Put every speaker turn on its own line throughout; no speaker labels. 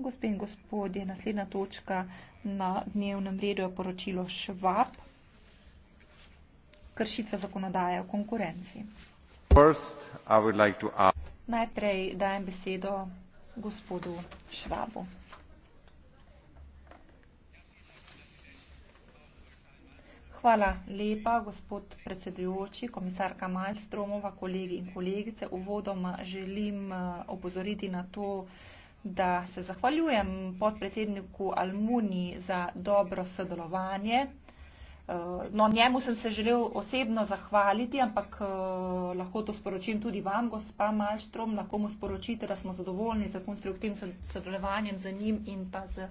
Gospe in gospodje, naslednja točka na dnevnem redu je poročilo Švab. Kršitve zakonodaje o konkurenci. First, like Najprej dajem besedo gospodu Švabu. Hvala lepa, gospod predsedujoči, komisarka Malstromova, kolegi in kolegice. Uvodoma želim eh, opozoriti na to, da se zahvaljujem podpredsedniku Almuni za dobro sodelovanje. Eh, no, njemu sem se želel osebno zahvaliti, ampak eh, lahko to sporočim tudi vam, gospa Malštrom, lahko mu sporočite, da smo zadovoljni z konstruktivnim sodelovanjem z njim in pa z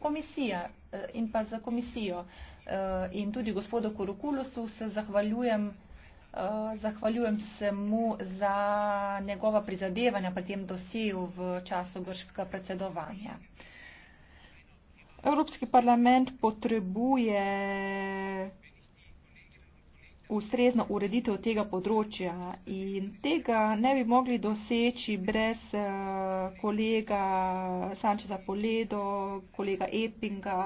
komisijo. Eh, in, pa z komisijo. in tudi gospodu Kurukulosu se zahvaljujem Eh, zahvaljujem se mu za njegova prizadevanja pri tem dosiju v času grškega predsedovanja. Evropski parlament potrebuje ustrezno ureditev tega področja in tega ne bi mogli doseči brez eh, kolega Sančeza Poledo, kolega Epinga,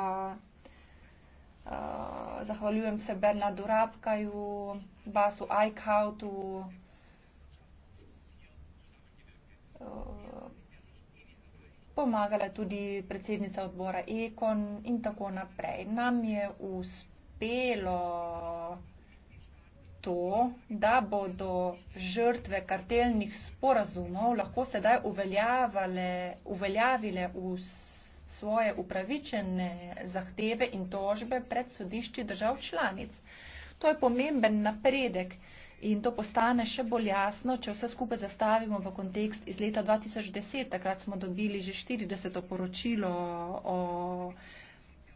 Eh, zahvaljujem se Bernardu Rapkaju, Basu Eichhautu, eh, pomagala je tudi predsednica odbora Ekon in tako naprej. Nam je uspelo to, da bodo žrtve kartelnih sporazumov lahko sedaj uveljavile vse svoje upravičene zahteve in tožbe pred sodišči držav članic. To je pomemben napredek in to postane še bolj jasno, če vse skupaj zastavimo v kontekst iz leta 2010. Takrat smo dobili že 40. poročilo o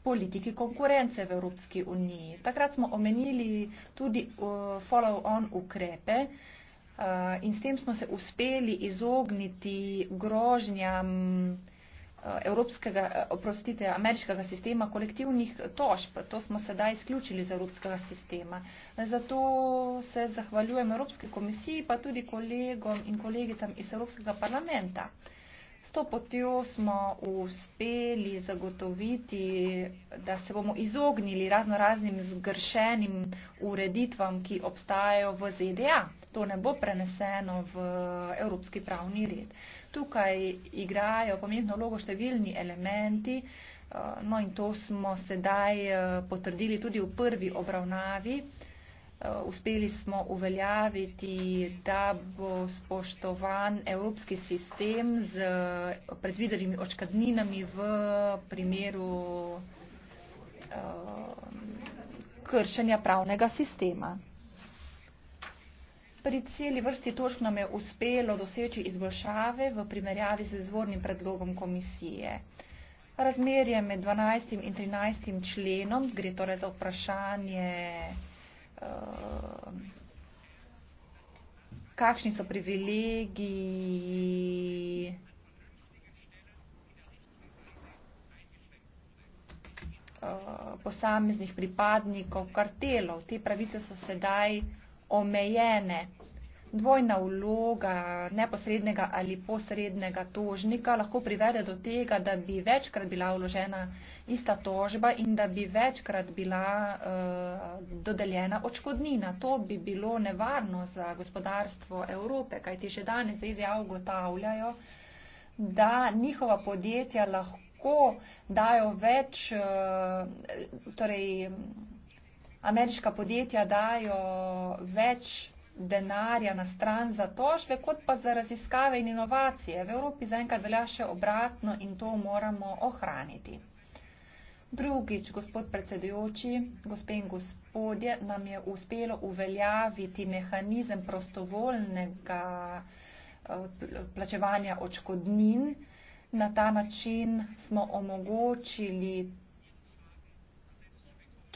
politiki konkurence v Evropski uniji. Takrat smo omenili tudi uh, follow-on ukrepe uh, in s tem smo se uspeli izogniti grožnjam Eh, evropskega, eh, oprostite, ameriškega sistema kolektivnih tožb. To smo sedaj izključili iz evropskega sistema. Zato se zahvaljujem Evropske komisiji, pa tudi kolegom in kolegicam iz Evropskega parlamenta. S to potjo smo uspeli zagotoviti, da se bomo izognili razno raznim zgršenim ureditvam, ki obstajajo v ZDA to ne bo preneseno v evropski pravni red. Tukaj igrajo pomembno vlogo številni elementi, eh, no in to smo sedaj eh, potrdili tudi v prvi obravnavi. Eh, uspeli smo uveljaviti, da bo spoštovan evropski sistem z predvidenimi očkadninami v primeru kršenja pravnega sistema pri celi vrsti točk nam je uspelo doseči izboljšave v primerjavi z izvornim predlogom komisije. Razmerje med 12. in 13. členom, gre torej za vprašanje, eh, kakšni so privilegiji eh, posameznih pripadnikov kartelov. Te pravice so sedaj omejene. Dvojna vloga neposrednega ali posrednega tožnika lahko privede do tega, da bi večkrat bila vložena ista tožba in da bi večkrat bila uh, dodeljena očkodnina. To bi bilo nevarno za gospodarstvo Evrope, kajti še danes ZDA ugotavljajo, da njihova podjetja lahko dajo več. Uh, torej, ameriška podjetja dajo več denarja na stran za tožbe, kot pa za raziskave in inovacije. V Evropi zaenkrat velja še obratno in to moramo ohraniti. Drugič, gospod predsedujoči, gospe in gospodje, nam je uspelo uveljaviti mehanizem prostovoljnega eh, plačevanja očkodnin. Na ta način smo omogočili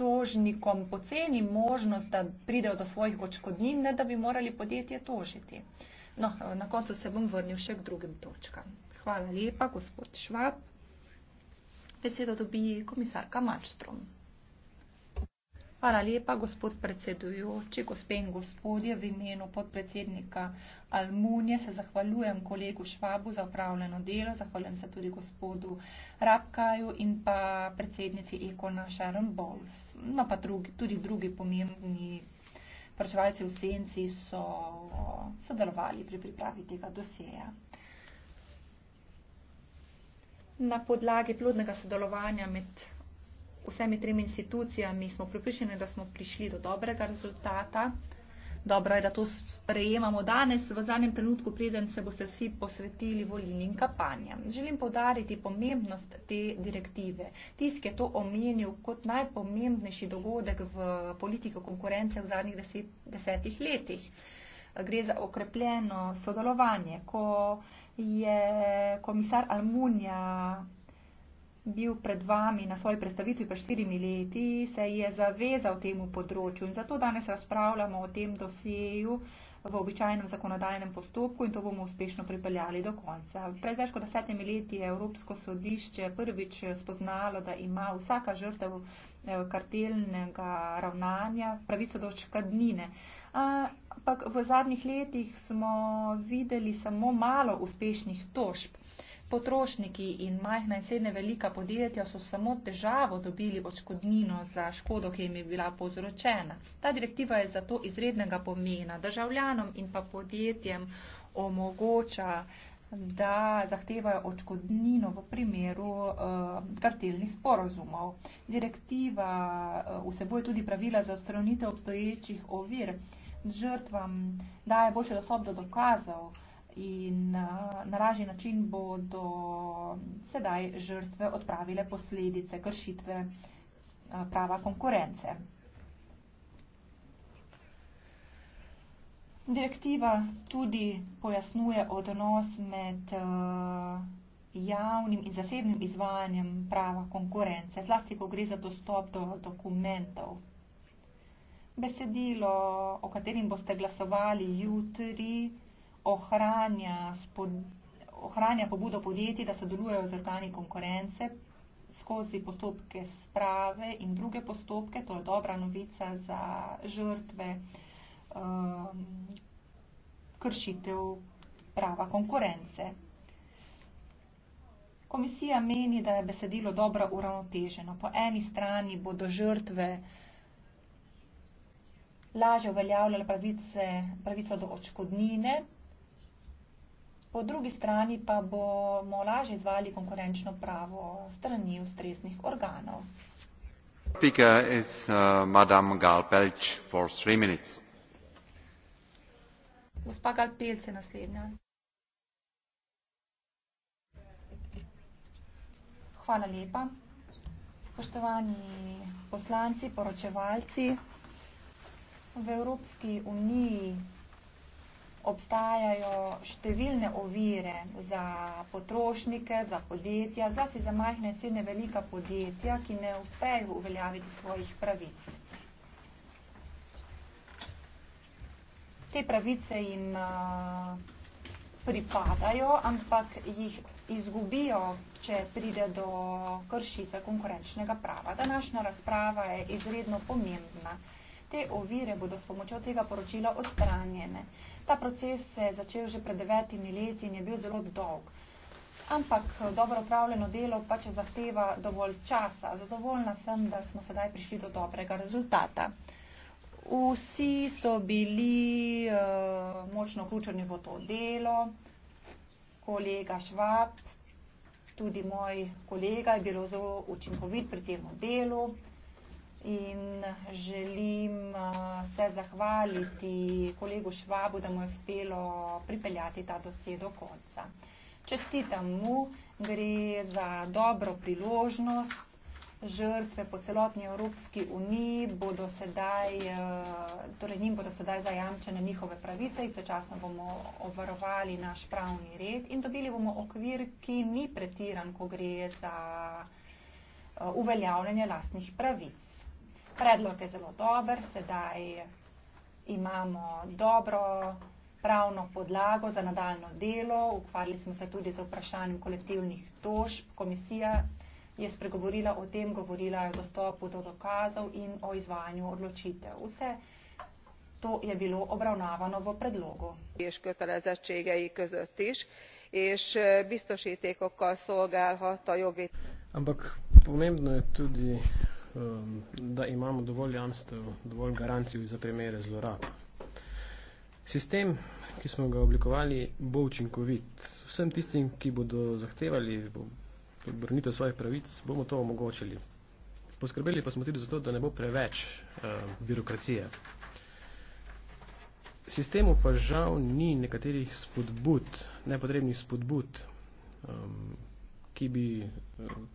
tožnikom poceni možnost, da pridejo do svojih očkodnin, ne da bi morali podjetje tožiti. No, na koncu se bom vrnil še k drugim točkam. Hvala lepa, gospod Švab. Besedo dobi komisarka Mačstrom. Hvala lepa, gospod predsedujoči, gospe in gospodje, v imenu podpredsednika Almunije se zahvaljujem kolegu Švabu za upravljeno delo, zahvaljujem se tudi gospodu Rabkaju in pa predsednici Ekona Sharon Bowles. No pa drugi, tudi drugi pomembni vprašalci v senci so sodelovali pri pripravi tega dosjeja. Na podlagi plodnega sodelovanja med vsemi tremi institucijami smo pripričani, da smo prišli do dobrega rezultata. Dobro je, da to sprejemamo danes, v zadnjem trenutku, preden se boste vsi posvetili volilnim kampanjam. Želim podariti pomembnost te direktive. Tisk je to omenil kot najpomembnejši dogodek v politiko konkurence v zadnjih deset, desetih letih. Gre za okrepljeno sodelovanje, ko je komisar Almunija bil pred vami na svoji predstavitvi pred štirimi leti, se je zavezal temu področju in zato danes razpravljamo o tem dosegu v običajnem zakonodajnem postopku in to bomo uspešno pripeljali do konca. Pred več kot desetimi leti je Evropsko sodišče prvič spoznalo, da ima vsaka žrtev eh, kartelnega ravnanja pravico do škadnine. Ampak v zadnjih letih smo videli samo malo uspešnih tožb. Potrošniki in majhna in srednje velika podjetja so samo državo dobili odškodnino za škodo, ki jim je bila povzročena. Ta direktiva je zato izrednega pomena. Državljanom in pa podjetjem omogoča, da zahtevajo odškodnino v primeru uh, kartelnih sporozumov. Direktiva eh, vsebuje uh, tudi pravila za odstranitev obstoječih ovir. Žrtvam daje boljši dostop do dokazov in eh, na lažji način bodo sedaj žrtve odpravile posledice kršitve eh, prava konkurence. Direktiva tudi pojasnuje odnos med eh, javnim in zasebnim izvajanjem prava konkurence, zlasti, ko gre za dostop do dokumentov. Besedilo, o katerim boste glasovali jutri, je, ohranja, spod, ohranja pobudo podjetij, da sodelujejo z organi konkurence skozi postopke sprave in druge postopke. To je dobra novica za žrtve um, kršitev prava konkurence. Komisija meni, da je besedilo dobro uravnoteženo. Po eni strani bodo žrtve lažje uveljavljale pravice, pravico do očkodnine, Po drugi strani pa bomo lažje izvali konkurenčno pravo strani ustreznih organov. Uh, Gospa Galpelc je naslednja. Hvala lepa. Spoštovani poslanci, poročevalci, v Evropski uniji obstajajo številne ovire za potrošnike, za podjetja, zlasti za majhne in srednje velika podjetja, ki ne uspejo uveljaviti svojih pravic. Te pravice jim a, pripadajo, ampak jih izgubijo, če pride do kršitve konkurenčnega prava. Današnja razprava je izredno pomembna. Te ovire bodo s pomočjo tega poročila odstranjene. Ta proces se je začel že pred devetimi leti in je bil zelo dolg. Ampak eh, dobro upravljeno delo pač zahteva dovolj časa. Zadovoljna sem, da smo sedaj prišli do dobrega rezultata. Vsi so bili uh, močno vključeni v to delo. Kolega Švab, tudi moj kolega, je bil zelo učinkovit pri tem delu in želim eh, se zahvaliti kolegu Švabu, da mu je uspelo pripeljati ta dosje do konca. Čestitam mu, gre za dobro priložnost. Žrtve po celotni Evropski uniji bodo sedaj, eh, torej njim bodo sedaj zajamčene njihove pravice, istočasno bomo obvarovali naš pravni red in dobili bomo okvir, ki ni pretiran, ko gre za eh, uveljavljanje lastnih pravic predlog je zelo dober, sedaj imamo dobro pravno podlago za nadaljno delo, ukvarjali smo se tudi za vprašanjem kolektivnih tožb, komisija je spregovorila o tem, govorila je o dostopu do dokazov in o izvajanju odločitev. Vse to je bilo obravnavano v predlogu. ...ješ kötelezettségei között is, és biztosítékokkal szolgálhat a
jogi... Ampak pomembno je tudi um, da imamo dovolj jamstev, dovolj garancij za primere zlorab. Sistem, ki smo ga oblikovali, bo učinkovit. Vsem tistim, ki bodo zahtevali vrnitev svojih pravic, bomo to omogočili. Poskrbeli pa smo tudi zato, da ne bo preveč um, birokracije. Sistemu pa žal ni nekaterih spodbud, nepotrebnih spodbud, um, ki bi um,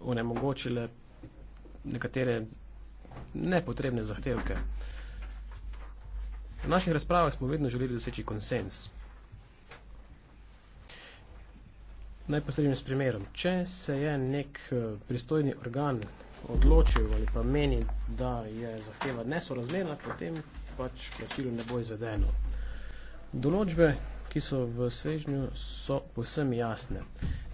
onemogočile nekatere nepotrebne zahtevke. V naših razpravah smo vedno želeli doseči konsens. Naj postrežem s primerom. Če se je nek eh, pristojni organ odločil ali pa meni, da je zahteva nesorazmerna, potem pač plačilo ne bo izvedeno. Določbe, ki so v svežnju, so povsem jasne.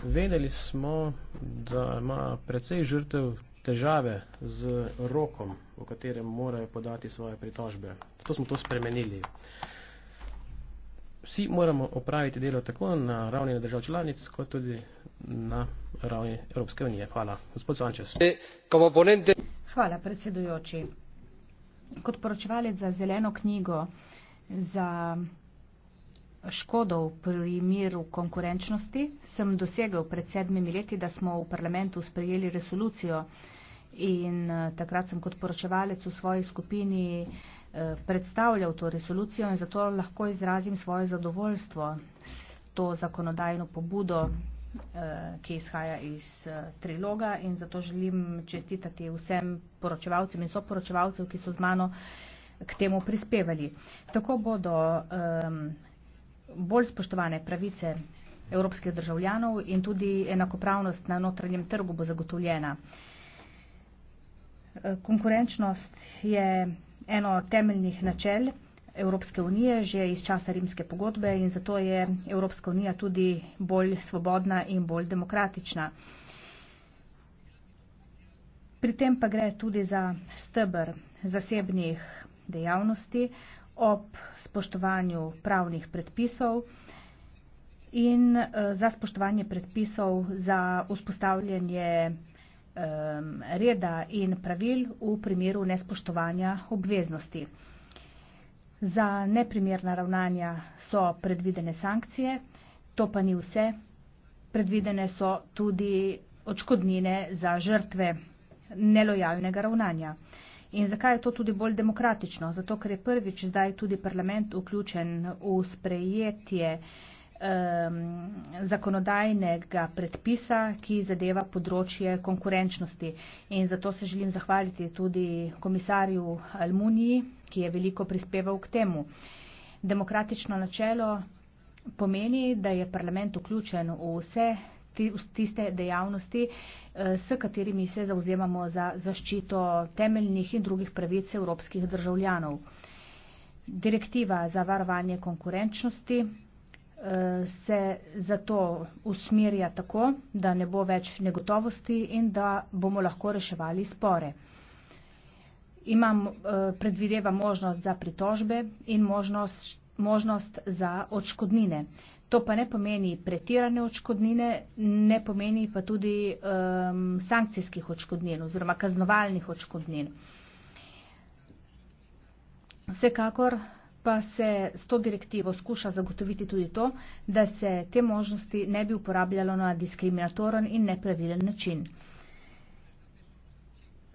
Vedeli smo, da ima precej žrtev težave z rokom, v katerem morajo podati svoje pritožbe. Zato smo to spremenili. Vsi moramo opraviti delo tako na ravni na držav članic, kot tudi na ravni Evropske unije. Hvala. Gospod Sanchez.
Hvala, predsedujoči. Kot poročevalec za zeleno knjigo za škodo v primeru konkurenčnosti, sem dosegel pred sedmimi leti, da smo v parlamentu sprejeli resolucijo in eh, takrat sem kot poročevalec v svoji skupini eh, predstavljal to resolucijo in zato lahko izrazim svoje zadovoljstvo s to zakonodajno pobudo, eh, ki izhaja iz triloga in zato želim čestitati vsem poročevalcem in soporočevalcev, ki so z mano k temu prispevali. Tako bodo ehm, bolj spoštovane pravice evropskih državljanov in tudi enakopravnost na notranjem trgu bo zagotovljena. E, konkurenčnost je eno temeljnih načel Evropske unije že iz časa rimske pogodbe in zato je Evropska unija tudi bolj svobodna in bolj demokratična. Pri tem pa gre tudi za stebr zasebnih dejavnosti, ob spoštovanju pravnih predpisov in eh, za spoštovanje predpisov za vzpostavljanje reda in pravil v primeru nespoštovanja obveznosti. Za neprimerna ravnanja so predvidene sankcije, to pa ni vse. Predvidene so tudi odškodnine za žrtve nelojalnega ravnanja. In zakaj je to tudi bolj demokratično? Zato, ker je prvič zdaj tudi parlament vključen v sprejetje um, zakonodajnega predpisa, ki zadeva področje konkurenčnosti. In zato se želim zahvaliti tudi komisarju Almuniji, ki je veliko prispeval k temu. Demokratično načelo pomeni, da je parlament vključen v vse tiste dejavnosti, eh, s katerimi se zauzemamo za zaščito temeljnih in drugih pravic evropskih državljanov. Direktiva za varovanje konkurenčnosti eh, se zato usmerja tako, da ne bo več negotovosti in da bomo lahko reševali spore. Imam, eh, predvideva možnost za pritožbe in možnost možnost za očkodnine. To pa ne pomeni pretirane očkodnine, ne pomeni pa tudi um, sankcijskih očkodnin oziroma kaznovalnih očkodnin. Vsekakor pa se s to direktivo skuša zagotoviti tudi to, da se te možnosti ne bi uporabljalo na diskriminatoren in nepravilen način.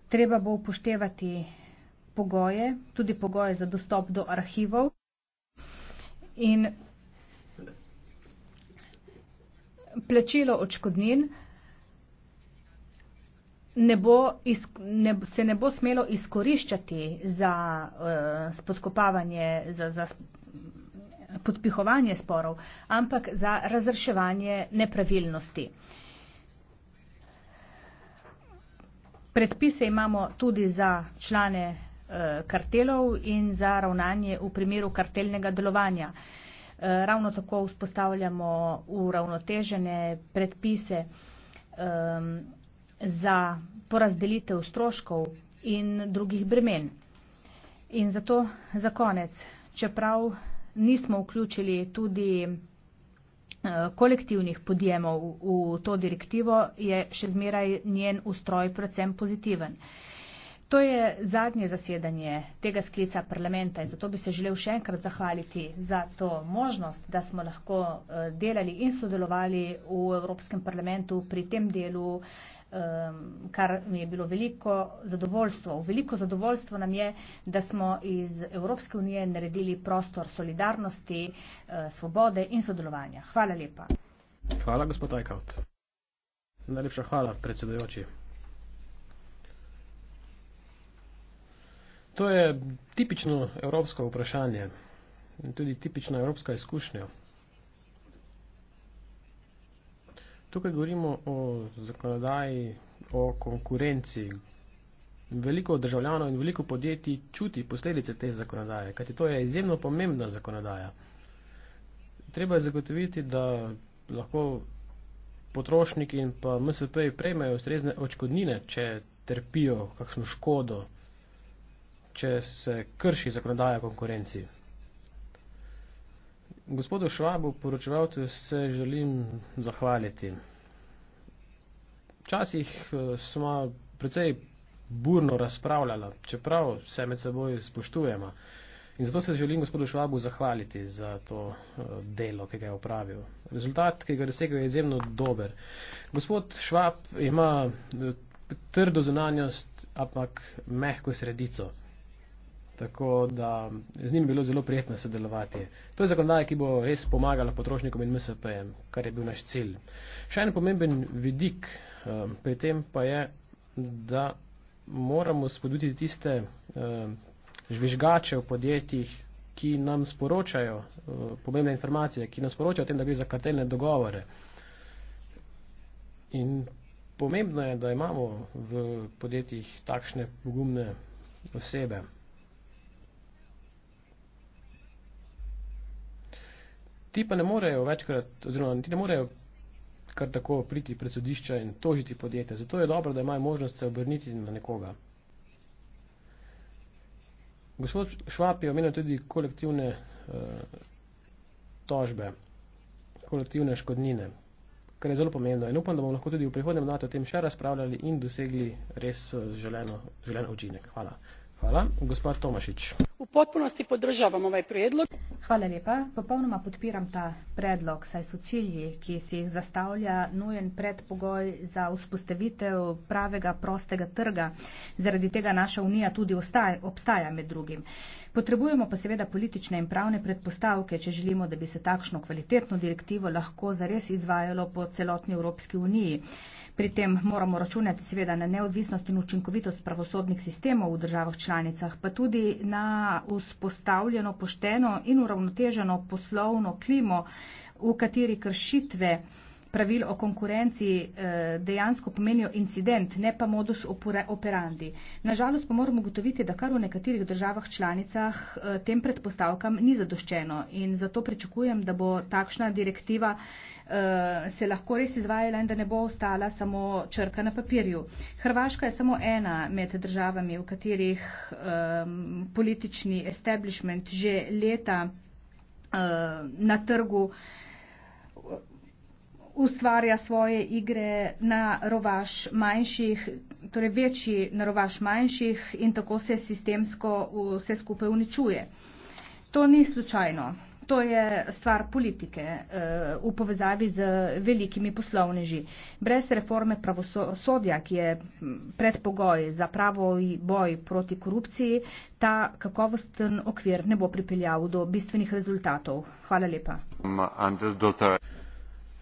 Treba bo upoštevati pogoje, tudi pogoje za dostop do arhivov in plačilo očkodnin ne bo iz, ne, se ne bo smelo izkoriščati za uh, spodkopavanje, za, za podpihovanje sporov, ampak za razreševanje nepravilnosti. Predpise imamo tudi za člane Eh, kartelov in za ravnanje v primeru karteljnega delovanja. Eh, ravno tako vzpostavljamo uravnotežene predpise za porazdelitev stroškov in drugih bremen. In zato za konec, čeprav nismo vključili tudi eh, kolektivnih podjemov v to direktivo, je še zmeraj njen ustroj predvsem pozitiven. To je zadnje zasedanje tega sklica parlamenta in zato bi se želel še enkrat zahvaliti za to možnost, da smo lahko eh, delali in sodelovali v Evropskem parlamentu pri tem delu, ehm, kar mi je bilo veliko zadovoljstvo. Veliko zadovoljstvo nam je, da smo iz Evropske unije naredili prostor solidarnosti, eh, svobode in sodelovanja. Hvala lepa.
Hvala, gospod Ajkaut. Najlepša hvala, predsedujoči. To je tipično evropsko vprašanje in tudi tipična evropska izkušnja. Tukaj govorimo o zakonodaji, o konkurenci. Veliko državljanov in veliko podjetij čuti posledice te zakonodaje, kajti to je izjemno pomembna zakonodaja. Treba je zagotoviti, da lahko potrošniki in pa MSP prejmejo ustrezne očkodnine, če trpijo kakšno škodo če se krši zakonodaja konkurenciji. Gospodu Švabu, poročevalcu, se želim zahvaliti. Včasih eh, smo precej burno razpravljala, čeprav se med seboj spoštujemo. In zato se želim gospodu Švabu zahvaliti za to eh, delo, ki ga je upravil. Rezultat, ki ga je dosegel, je izjemno dober. Gospod Švab ima eh, trdo zunanjost, ampak mehko sredico. Tako da z njimi je bilo zelo prijetno sodelovati. To je zakonodaja, ki bo res pomagala potrošnikom in MSP-jem, kar je bil naš cilj. Še en pomemben vidik um, pri tem pa je, da moramo spodbuditi tiste um, žvižgače v podjetjih, ki nam sporočajo um, pomembne informacije, ki nam sporočajo o tem, da gre za kartelne dogovore. In pomembno je, da imamo v podjetjih takšne pogumne osebe. ti pa ne morejo večkrat, oziroma ti ne morejo kar tako priti pred sodišča in tožiti podjetje. Zato je dobro, da imajo možnost se obrniti na nekoga. Gospod Švab je omenil tudi kolektivne eh, tožbe, kolektivne škodnine, kar je zelo pomembno in upam, da bomo lahko tudi v prihodnem mandatu o tem še razpravljali in dosegli res eh, želeno, želen učinek. Hvala. Hvala. Gospod Tomašič
u potpunosti podržavam ovaj prijedlog. Hvala lijepa. Popolnoma podpiram ta predlog, saj so cilji, ki si jih zastavlja, nujen predpogoj za vzpostavitev pravega prostega trga. Zaradi tega naša unija tudi obstaja med drugim. Potrebujemo pa seveda politične in pravne predpostavke, če želimo, da bi se takšno kvalitetno direktivo lahko zares izvajalo po celotni Evropski uniji. Pri tem moramo računati seveda na neodvisnost in učinkovitost pravosodnih sistemov v državah članicah, pa tudi na vzpostavljeno, pošteno in uravnoteženo poslovno klimo, v kateri kršitve pravil o konkurenci eh, dejansko pomenijo incident, ne pa modus operandi. Nažalost pa moramo ugotoviti, da kar v nekaterih državah članicah eh, tem predpostavkam ni zadoščeno in zato pričakujem, da bo takšna direktiva eh, se lahko res izvajala in da ne bo ostala samo črka na papirju. Hrvaška je samo ena med državami, v katerih politični establishment že leta na trgu ustvarja svoje igre na rovaš manjših, torej večji na rovaš manjših in tako se sistemsko vse skupaj uničuje. To ni slučajno. To je stvar politike eh, v povezavi z velikimi poslovneži. Brez reforme pravosodja, ki je predpogoj za pravo boj proti korupciji, ta kakovosten okvir ne bo pripeljal do bistvenih rezultatov. Hvala lepa. Ma,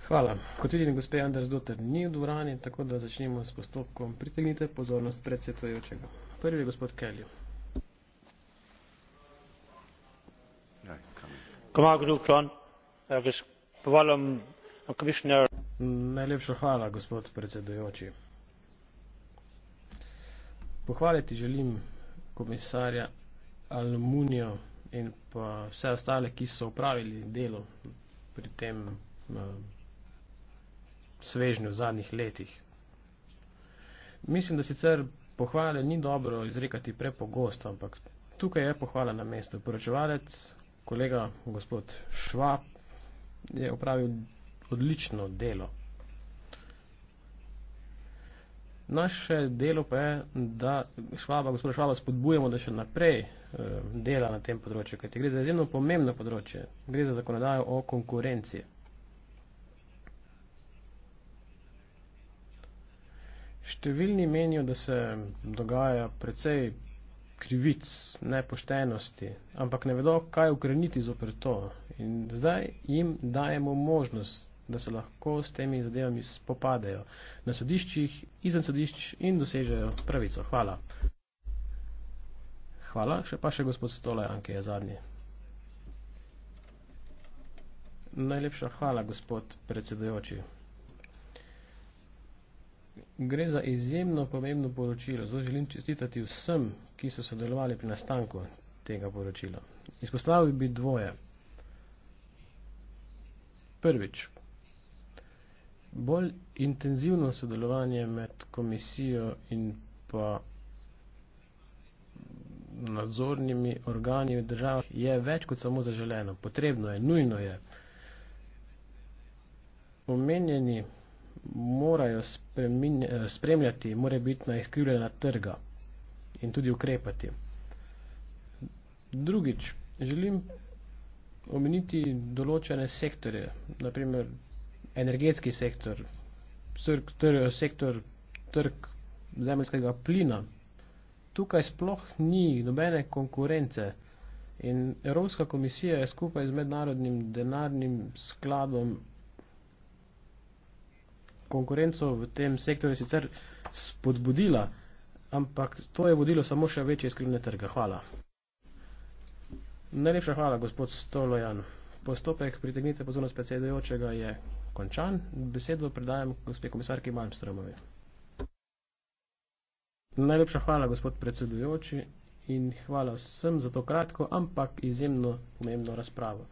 Hvala. Kot vidim, gospe Anders Dutter ni v dvorani, tako da začnemo s postopkom. Pritegnite pozornost predsvetujočega. Prvi je gospod Kelly. Najlepša hvala, gospod predsedujoči. Pohvaliti želim komisarja Almunijo in pa vse ostale, ki so upravili delo pri tem uh, svežnju v zadnjih letih. Mislim, da sicer pohvale ni dobro izrekati prepogosto, ampak tukaj je pohvala na mestu. Poročevalec, kolega gospod Švab, je opravil odlično delo. Naše delo pa je, da švaba, gospod Švaba spodbujemo, da še naprej eh, dela na tem področju, kajti gre za izjemno pomembno področje, gre za zakonodajo o konkurenciji. Številni menijo, da se dogaja precej krivic, nepoštenosti, ampak ne vedo, kaj ukreniti zopr to. In zdaj jim dajemo možnost, da se lahko s temi zadevami spopadejo na sodiščih, izven sodišč in dosežejo pravico. Hvala. Hvala, še pa še gospod Stolajan, ki je zadnji. Najlepša hvala, gospod predsedojoči gre za izjemno pomembno poročilo. Zelo želim čestitati vsem, ki so sodelovali pri nastanku tega poročila. Izpostavil bi dvoje. Prvič, bolj intenzivno sodelovanje med komisijo in pa nadzornimi organi v državah je več kot samo zaželeno. Potrebno je, nujno je. Omenjeni morajo eh, spremljati, morajo biti na izkrivljena trga in tudi ukrepati. Drugič, želim omeniti določene sektore, naprimer energetski sektor, sektor trg zemljskega plina. Tukaj sploh ni nobene konkurence in Evropska komisija je skupaj z mednarodnim denarnim skladom konkurenco v tem sektorju sicer spodbudila, ampak to je vodilo samo še večje skrivne trge. Hvala. Najlepša hvala, gospod Stolojan. Postopek pritegnite pozornost predsedujočega je končan. Besedo predajam gospe komisarki Malmstromovi. Najlepša hvala, gospod predsedujoči, in hvala vsem za to kratko, ampak izjemno pomembno razpravo.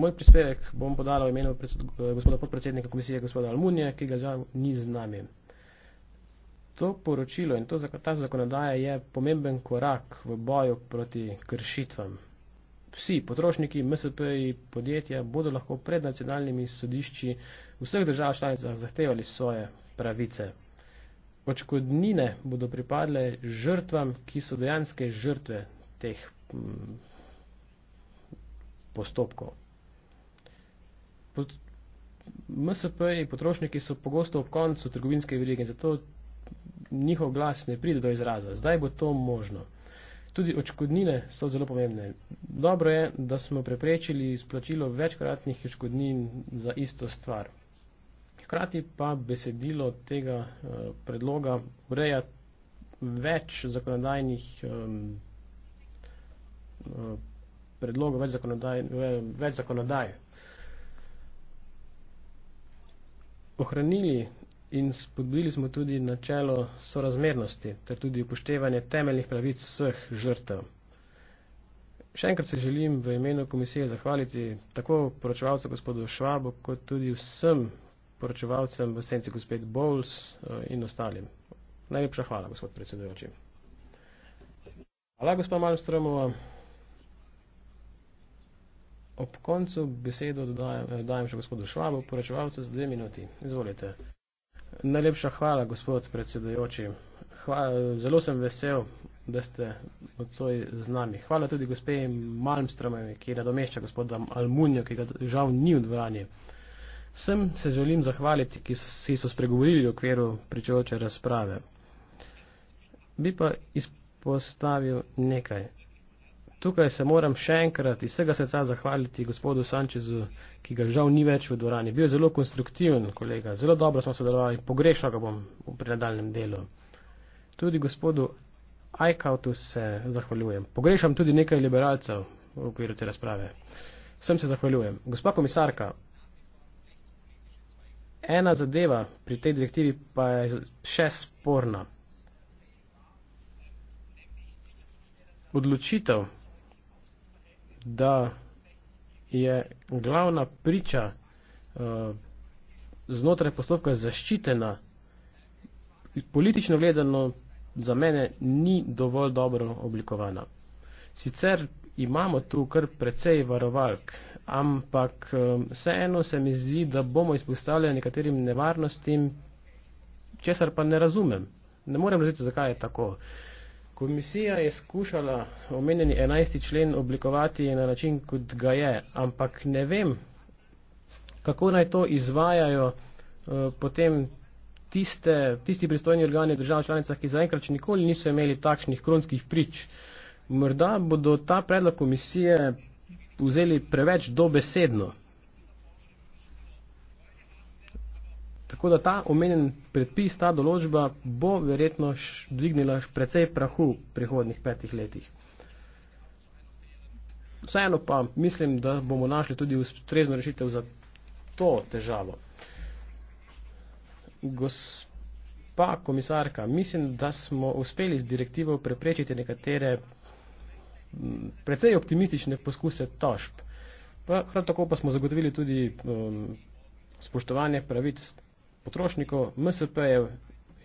Moj prispevek bom podala v imenu eh, gospoda podpredsednika komisije, gospoda Almunija, ki ga žal ni z nami. To poročilo in to, ta zakonodaja je pomemben korak v boju proti kršitvam. Vsi potrošniki, MSP in podjetja bodo lahko pred nacionalnimi sodišči v vseh državah članicah zahtevali svoje pravice. Očkodnine bodo pripadle žrtvam, ki so dejanske žrtve teh m, mm, postopkov. MSP in potrošniki so pogosto ob koncu trgovinske verige, zato njihov glas ne pride do izraza. Zdaj bo to možno. Tudi očkodnine so zelo pomembne. Dobro je, da smo preprečili splačilo večkratnih očkodnin za isto stvar. Hkrati pa besedilo tega eh, predloga ureja več zakonodajnih eh, predlogov, več zakonodaj. Več zakonodaj. ohranili in spodbudili smo tudi načelo sorazmernosti ter tudi upoštevanje temeljnih pravic vseh žrtev. Še enkrat se želim v imenu komisije zahvaliti tako poročevalcu gospodu Švabu, kot tudi vsem poročevalcem v senci gospod Bowles eh, in ostalim. Najlepša hvala, gospod predsedujoči. Hvala, gospod Malmstromova. Ob koncu besedo dodajem, eh, dajem še gospodu Švabu, poročevalcu, za dve minuti. Izvolite. Najlepša hvala, gospod predsedojoči. Hvala, zelo sem vesel, da ste odsoj z nami. Hvala tudi gospej Malmstromej, ki je nadomešča gospoda Almunjo, ki ga žal ni v dvorani. Vsem se želim zahvaliti, ki so, so spregovorili v okviru pričajoče razprave. Bi pa izpostavil nekaj. Tukaj se moram še enkrat iz vsega srca zahvaliti gospodu Sančezu, ki ga žal ni več v dvorani. Bil je zelo konstruktiven kolega, zelo dobro smo sodelovali, pogrešal ga bom v prenadaljem delu. Tudi gospodu Aikautu se zahvaljujem. Pogrešam tudi nekaj liberalcev v okviru te razprave. Vsem se zahvaljujem. Gospa komisarka, ena zadeva pri tej direktivi pa je še sporna. Odločitev da je glavna priča uh, znotraj postopka zaščitena, politično gledano za mene ni dovolj dobro oblikovana. Sicer imamo tu kar precej varovalk, ampak eh, vseeno se mi zdi, da bomo izpostavljali nekaterim nevarnostim, česar pa ne razumem. Ne morem razumeti, zakaj je tako. Uh, Komisija je skušala omenjeni 11. člen oblikovati na način, kot ga je, ampak ne vem, kako naj to izvajajo eh, potem tiste, tisti pristojni organi držav članicah, ki zaenkrat še nikoli niso imeli takšnih kronskih prič. Morda bodo ta predlog komisije vzeli preveč dobesedno. Tako da ta omenjen predpis, ta določba bo verjetno dvignila precej prahu v prihodnih petih letih. Vseeno pa mislim, da bomo našli tudi ustrezno rešitev za to težavo. Gospa komisarka, mislim, da smo uspeli z direktivo preprečiti nekatere precej optimistične poskuse tožb. Prav tako pa smo zagotovili tudi um, spoštovanje pravic potrošnikov, MSP-jev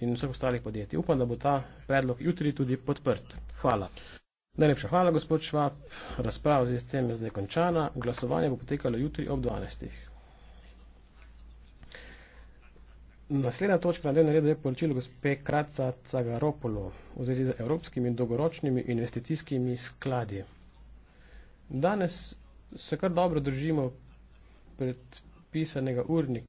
in vseh ostalih podjetij. Upam, da bo ta predlog jutri tudi podprt. Hvala. Najlepša hvala, gospod Švab. Razprava z tem je zdaj končana. Glasovanje bo potekalo jutri ob 12. Naslednja točka na dnevnem redu je poročilo gospe Kratca Cagaropolo v zvezi z evropskimi dolgoročnimi investicijskimi skladi. Danes se kar dobro držimo predpisanega urnika.